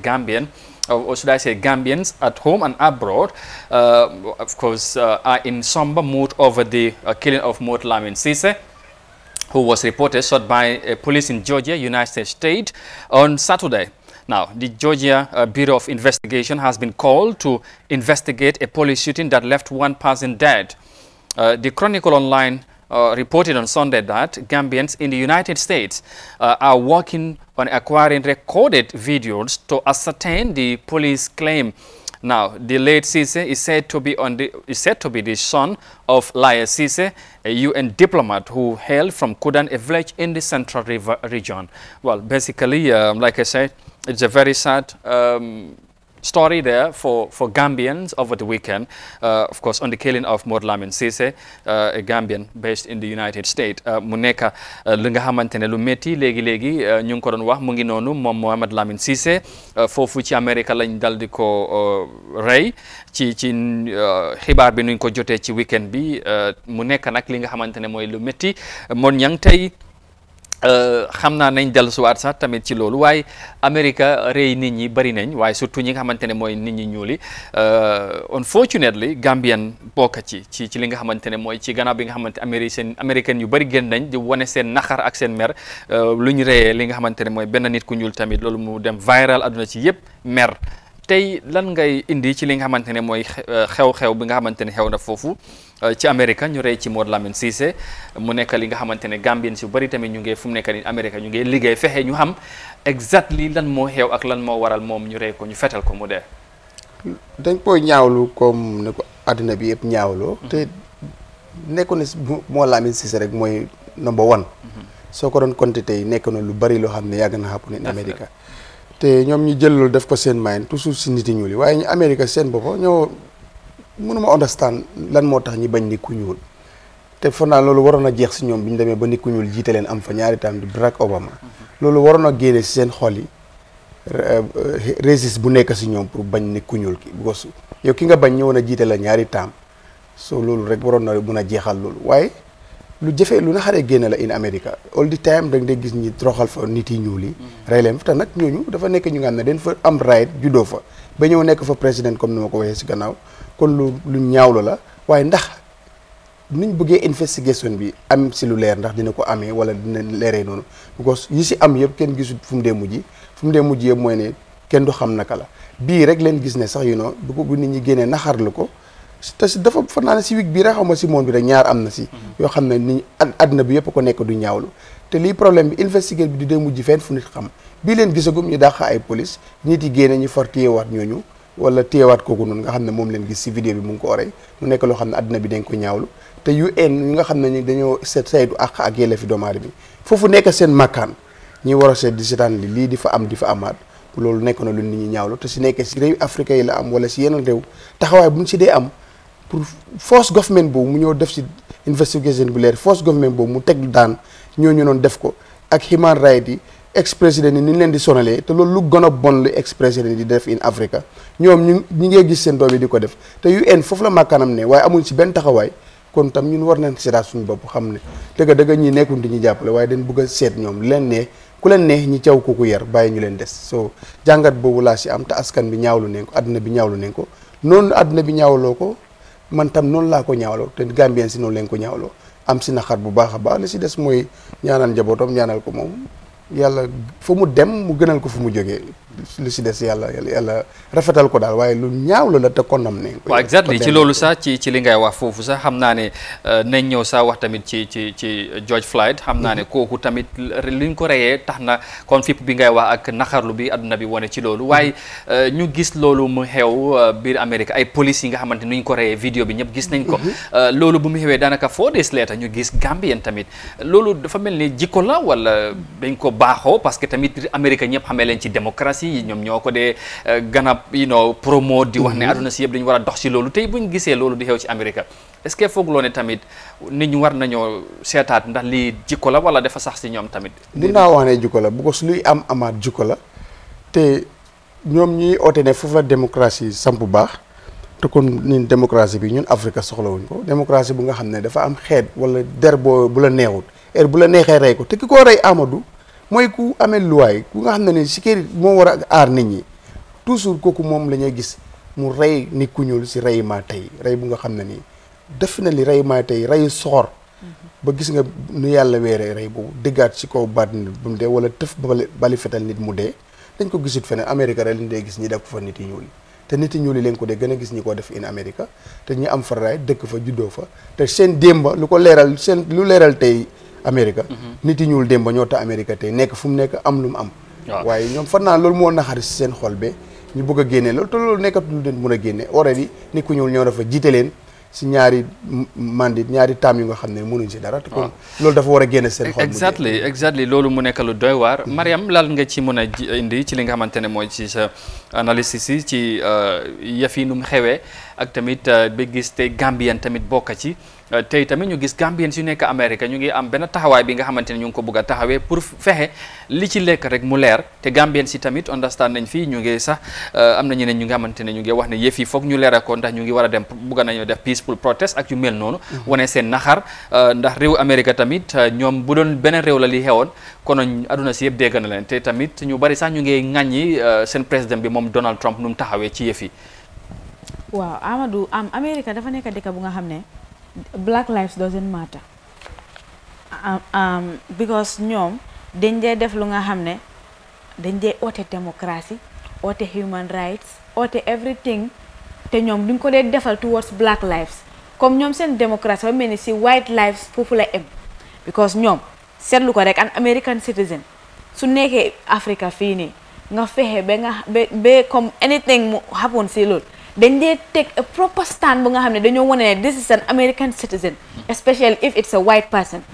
Gambian, or should I say Gambians at home and abroad, uh, of course, uh, are in somber mood over the uh, killing of Mort Lamin Sise, who was reported shot by police in Georgia, United States, on Saturday. Now, the Georgia uh, Bureau of Investigation has been called to investigate a police shooting that left one person dead. Uh, the Chronicle Online uh, reported on Sunday that Gambians in the United States uh, are working on acquiring recorded videos to ascertain the police claim. Now, the late Sise is said to be on the is said to be the son of Laye Sise, a UN diplomat who hailed from Kudan, a village in the Central River region. Well, basically, um, like I said, it's a very sad um, story there for, for Gambians over the weekend, uh, of course, on the killing of Mor Lamine Cissé, uh, a Gambian based in the United States. Uh, mu nekk uh, li nga xamante ne lu métti léegi léegi uh, ñu ngi ko doon wax mu ngi noonu moom Mohamed Lamine Cissé foofu ci Amérique lañ dal di ko rey ci ci xibaar bi nuñ ko jotee ci weekend bi mu nekk nag li nga xamante ne mooy lu métti Mor Niang Euh, xam naa nañ dellusiwaat sax tamit ci loolu waaye Amérique rëy nit ñi bëri nañ waaye surtout ñi nga xamante ne mooy nit ñi ñuuli euh, unfortunately Gambien bokk ci ci ci li nga xamante ne mooy ci gannaaw bi nga xamante Amérique seen américaine yu bëri génn nañ di wane seen naxar ak seen mer euh, lu ñu reyee li nga xamante ne mooy benn nit ku ñuul tamit loolu mu dem viral àdduna ci yëpp mer tey lan ngay indi ci li nga xamante ne mooy xew-xew bi nga xamante ne xew na foofu Euh, ci Amérique ñu rey ci Mor Lamine Cissé mu nekk li nga xamante ne Gambien si bëri tamit ñu ngi fu mu nekk nii Amérique ñu ngi liggéey fexe ñu xam exactly lan moo xew ak lan moo waral moom ñu rey ko ñu fetal ko mu dee. dañ koy ñaawlu comme ne ko àddina bi yëpp ñaawloo. Mhm. te nekkoon ne Mor Lamine Cissé rek mooy number one. Mhm. soo ko doon compter tey nekk na lu bari loo xam ne yàgg na happen in Amérique. te ñoom ñu jël loolu def ko seen mind toujours si nit ñuul yi waaye ñu Amérique seen bopp ñoo. mënuma understand lan moo tax ñi bañ nit ku ñuul te foog naa loolu waroon a jeex si ñoom bi ñu demee ba nit ku ñuul jiite leen am fa ñaari taam di Barack Obama loolu waroon a génne si seen xol yi euh, résiste bu nekk si ñoom pour bañ nit ku ñuul ki because yow ki nga bañ ñëwoon a jiite la ñaari taam so loolu rek waroon na mun a jeexal loolu waaye lu jëfe lu na xaree génne la in America all the time da nga gis ñi troxal fa nit yi ñuul yi. rey leen fa te nag ñooñu dafa nekk ñu ngi xam ne dañ fa am right juddoo fa ba ñëw nekk fa président comme ni ma ko waxee si gannaaw kon lu lu ñaawlu la waaye ndax niñ bëggee investigation bi am si lu leer ndax dina ko amee wala dina leeree noonu because yi si am yëpp kenn gisul fu mu dee mujj fu mu dee mujj yëpp mooy ne kenn du xam naka la bii rek leen gis ne sax you know bu ko nit ñi génnee naxarlu ko. tass dafa fan naa ne si rek si monde bi rek ñaar am ci mhm. yo xamna ni adna bi yep ko nek du ñaawlu te li problème bi investiguer bi di dem mujj fen fu nit xam bi len gisagum ñu dakh ay police nit yi ñu for wat ñoñu wala wat kooku noonu nga mom len gis ci vidéo bi mu ngi ko oree mu nek lo adna bi den ko ñaawlu te UN ñi nga xam ne ni dañoo set saydu ak ak yele fi domar bi fofu nek sen makan ñi wara set di sitan li li di fa am di fa amat loolu nek na lu nit ñi ñaawlu te si nek si rew Afrique yi la am wala ci yeneen rew taxaway buñ ci dé am pour force government boobu mu ñëw def ci investigation bu leer force government boobu mu teg daan ñu noonu def ko ak human rights yi ex président yi ni ñu leen di sonalee te loolu lu gën a bon lu ex président yi di def in Africa ñoom ñu ñu ngee gis seen doom yi di ko def te UN foofu la màkkaanam ne waaye amuñ si benn taxawaay kon tam ñun war nañ seetaat suñu bopp xam ne dëgg dëgg ñi nekkul di ñu jàppale waaye dañ bëgg a seet ñoom leen ne ku leen neex ñi caw ku yar bàyyi ñu leen des so jàngat boobu laa si am te askan bi ñaawlu nañ ko àdduna bi ñaawlu nañ ko noonu àdduna bi ñaawloo ko man tam noonu laa ko ñaawloo te Gambien si noonu leen ko ñaawloo am si naxar bu baax a baax li si des mooy ñaanal njabootam ñaanal ko moom yàlla fa mu dem mu gënal ko fu mu jógee lu si des yàlla yàlla rafetal ko daal waaye lu ñaaw la la te condamné waaw exactly ci loolu sax ci li ngay wax foofu sax xam naa ne euh, nañ ñëw sax wax tamit ci ci ci George Floyd xam naa ne mhm. kooku tamit liñ ko reyee tax na kon fipp bi ngay wax ak naxarlu bi adduna bi wane ci loolu waaye mhm. euh, ñu gis loolu mu xew euh, biir Amérique ay police yi nga xamante ni ñu ko reyee vidéo bi ñëpp gis nañ ko mhm. loolu bu mu xewee daanaka four days later ñu gis Gambien tamit loolu dafa mel ni jikko la wala dañ ko baaxoo parce que tamit Amérique ñëpp xamee leen ci démocratie démocratie yi ñoom ñoo ko dee eh, ganab you know promo di wax ne mm-hmm. àdduna si yëpp dañu war a dox si loolu tey buñ gisee loolu di xew ci Amérique est-ce que foog loo ne tamit nit ñu war nañoo seetaat ndax lii jikko la wala dafa sax si ñoom tamit mun naa wax ne jikko la bu ko su luy am amaat jikko la te ñoom ñuy oote ne foofu la démocratie samp bu baax te kon ñun démocratie bi ñun Afrique soxlawuñ ko démocratie bu nga xam ne dafa am xeet wala der boo bu la neexut heure bu la neexee rey ko te ki koo rey mooy ku amee luwaay ku nga xam ne ne si kër moo war a aar nit ñi toujours kooku moom la gis mu rey nit ku ñuul si rey maa tey rey bu nga xam ne nii def na li rey maa tey reyu soxor mm-hmm. ba gis nga nu yàlla weeree rey boobu dëggaat si kaw baat nit bu mu dee wala bali fetal nit mu dee dañ ko gisut feneen Amérique rek lañ dee gis ñi def ko fa nit yi ñuul te nit yi ñuul yi leen ko dee gën a gis ñi ko def in Amérique te ñi am fa raay dëkk fa juddoo fa te seen démba lu ko leeral seen lu leeral tey Amérique. nit yi ñuul démb ñoo tax Amérique tey nekk fu mu nekk am lu mu am. waaye ñoom fan naa loolu moo naxari si seen xol be ñu bëgg a génne loolu te loolu nekkatul leen mën a génne already nit ku ñuul ñoo dafa jiite leen si ñaari mandit ñaari taam yu nga xam ne mënuñ si dara. kon loolu dafa war a génn seen. xol exactly exactly loolu mu nekk lu doy waar. Mm-hmm. Mariam lal nga ci mën a indi ci li nga xamante ne mooy ci sa analyse si ci euh, yëf yi nu mu xewee ak tamit euh, ba gis te Gambien tamit bokk ci. Euh, tey tamit ñu gis Gambien yu nekk Amérique ñu ngi am benn taxawaay bi nga xamante ne ñu ngi ko bëgg a taxawee pour fexe li ci lekk rek mu leer te Gambien si tamit understand nañ fii ñu ngi sax euh, am na ñeneen ñu nga xamante ne ñu ngi wax ne yëf ñu leeral ko ndax ñu ngi war a dem bëgg nañoo def peaceful protest ak mm-hmm. euh, tamit ñoom bu na leen Donald Trump nu mu taxawee ci yëf yi. waaw Amadou am Amérique dafa nekk xam ne black lives doesn't matter um, um, because ñoom dañ dee def lu nga xam ne dañ dee oote démocratie oote human rights oote everything te ñoom duñ ko dee defal towards black lives comme ñoom seen démocratie ba mel si white lives foofu la em because ñoom seetlu ko rek an American citizen su nekkee Africa fii nii nga fexe ba nga ba comme anything mu happen si loolu dañ dee teg a proper stand bu nga xam ne dañoo wane ne this is an American citizen especially if it's a white person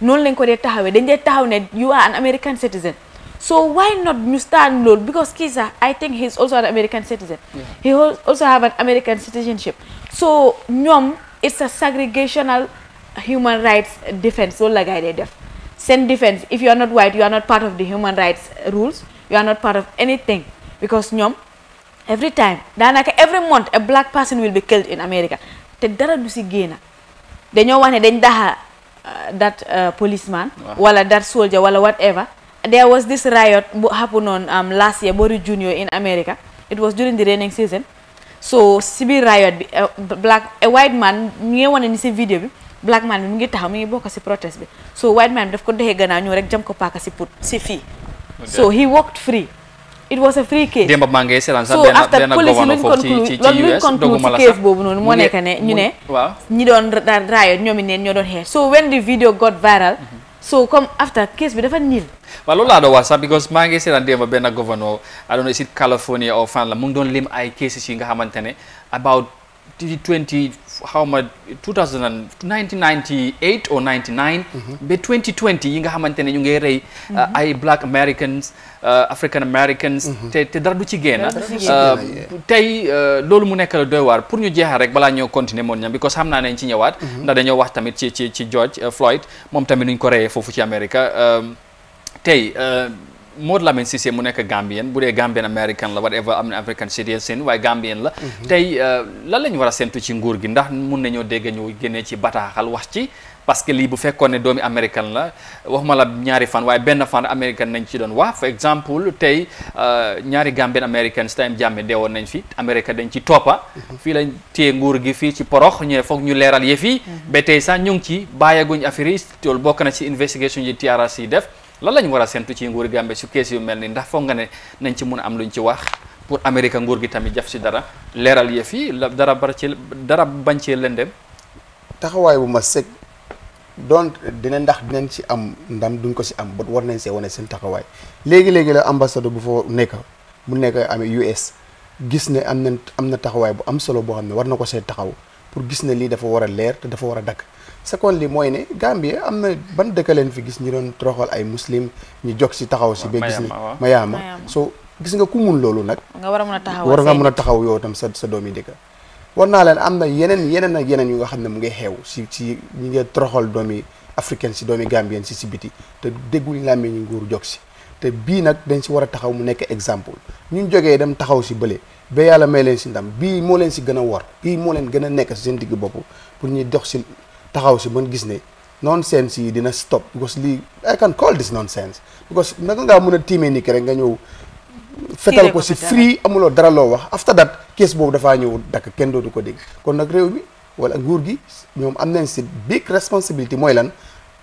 noonu lañ ko dee taxawee dañ dee taxaw ne you are an American citizen so why not ñu stand loolu because kii sax I think he is also an American citizen he also have an American citizenship so ñoom it's a segregational human rights defense loolu la gars yi dee def seen defense if you are not white you are not part of the human rights rules you every time daanaka every month a black person will be killed in America te dara du si génn dañoo wax ne dañ daxa uh, that uh, policeman. wala that soldier wala whatever. there was this riot bu happen on um, last year Bori Junior in America it was during the raining season so si biir riot bi uh, black a white man ñu ngi wane ni si vidéo bi black man bi mu ngi taxaw mu ngi bokk si protest bi so white man bi daf ko doxee gannaaw ñëw rek jëm ko paaka si put si fii. so it was a free case. démb maa ngi seetaan sax benn benn gouverneur foofu ci boobu noonu moo nekk ne ñu ne. waaw ñi doon daan raayot neen ñoo doon xeex. so when the video got viral. Mhm. so comme after case bi dafa niil. waaw loolu laa sax because maa ngi seetaan démb benn gouverneur I don't know is it California or fan la mu ngi doon lim ay cases yi nga xamante ne about. 20 xaw ma 2000 1998 or 99. Mhm. ba 2020 yi nga xamante ne ñu ngay rey. Mhm. Uh, ay black americans uh, african americans. Mhm. te te dara du ci génn. Uh, tey loolu mu nekk la doy waar pour ñu jeexal rek balaa ñoo continuer moon ñam because xam naa nañ ci ñëwaat. ndax dañoo wax tamit ci ci ci George Floyd moom tamit nuñ ko reyee foofu ci America um, tey. Modou Lamine Cissé nekk Gambien bu dee Gambien American la whatever waaye Gambien la. Mhm. tey euh, lan ñu war a séntu ci nguur gi ndax mun nañoo dégg ñu génnee ci bataaxal wax ci. parce que lii bu fekkoon ne doomi américain la waxuma la ñaari fan waaye benn fan américain nañ ci doon wax for exemple tey euh, ñaari Gambian américain time jàmme deewoon nañ fi américain dañ ci toppa mhm. fii lañ téye nguur gi fii ci porox ñu foog ñu leeral yëf yi mhm. ba tey sax ñu ngi ci bàyyeeguñ affaire yi loolu bokk na ci investigation yi TRRC def lan lañ war a sentu ci nguur Gambie su kees yu mel ni ndax foog nga ne nañ ci mun a am luñ ci wax pour Amérique nguur gi tamit jaf si dara leeral yëf yi la dara bar ci dara bañ cee lëndem taxawaay bu ma sëg donc dina ndax dinañ ci am ndam duñ ko si am bot war nañ see wane seen taxawaay léegi-léegi la ambassade bu fa nekk bu nekk amee US gis ne am na am na taxawaay bu am solo boo xam ne war na ko see taxaw pour gis ne lii dafa war a leer te dafa war a dakk second li mooy ne Gambie am na ban dëkk leen fi gis ñi doon toroxal ay muslim ñu jog si taxaw si ba gis ni mayaama so gis nga ku mun loolu nag nga war a mën nga mën a taxaw yow tam sa sa doomi dëkk war naa leen am na yeneen yeneen ak yeneen yu nga xam ne mu ngi xew si si ñi nga toroxal doomi africaine si doomi Gambien si si biti te dégguñu làmmiñ ñu nguur jog si te bii nag dañ si war a taxaw mu nekk exemple ñu jógee dem taxaw si bële ba yàlla may leen si ndam bii moo leen si gën a war bii moo leen gën a nekk si seen digg bopp pour ñu dox si taxaw si mën gis ne nonsense yi dina stop because lii I can call this nonsense because naka ngaa mun a tiimee nii kere nga ñëw fetal ko si free amuloo dara loo wax after that kees boobu dafaa ñëw dakk kenn dootu ko dégg kon nag réew mi wala nguur gi ñoom am nañ si big responsibility mooy lan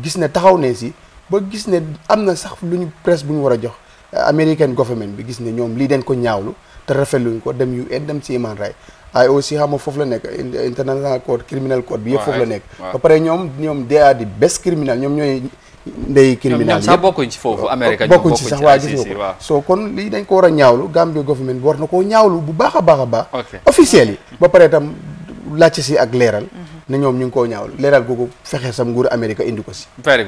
gis ne taxaw ne si ba gis ne am na sax lu ñu presse bu ñu war a jox euh, American government bi gis ne ñoom lii dañ ko ñaawlu te rafetluñ ko dem UN dem ci human rights ay aussi xam foofu la nekk international court criminal court bi yëpp foofu la nekk ba pare ñoom ñoom they are the best criminal ñoom ñooy ndey criminal ñoom sax bokkuñ ci foofu Amérique bokkuñ ci sax waa gis nga ko soo kon lii dañ ko war a ñaawlu Gambia government bi war na koo ñaawlu bu baax a baax a baax officiel yi ba pare itam laajte si ak leeral mm-hmm. na ñoom ñu ngi koo ñaawlu leeral googu ko si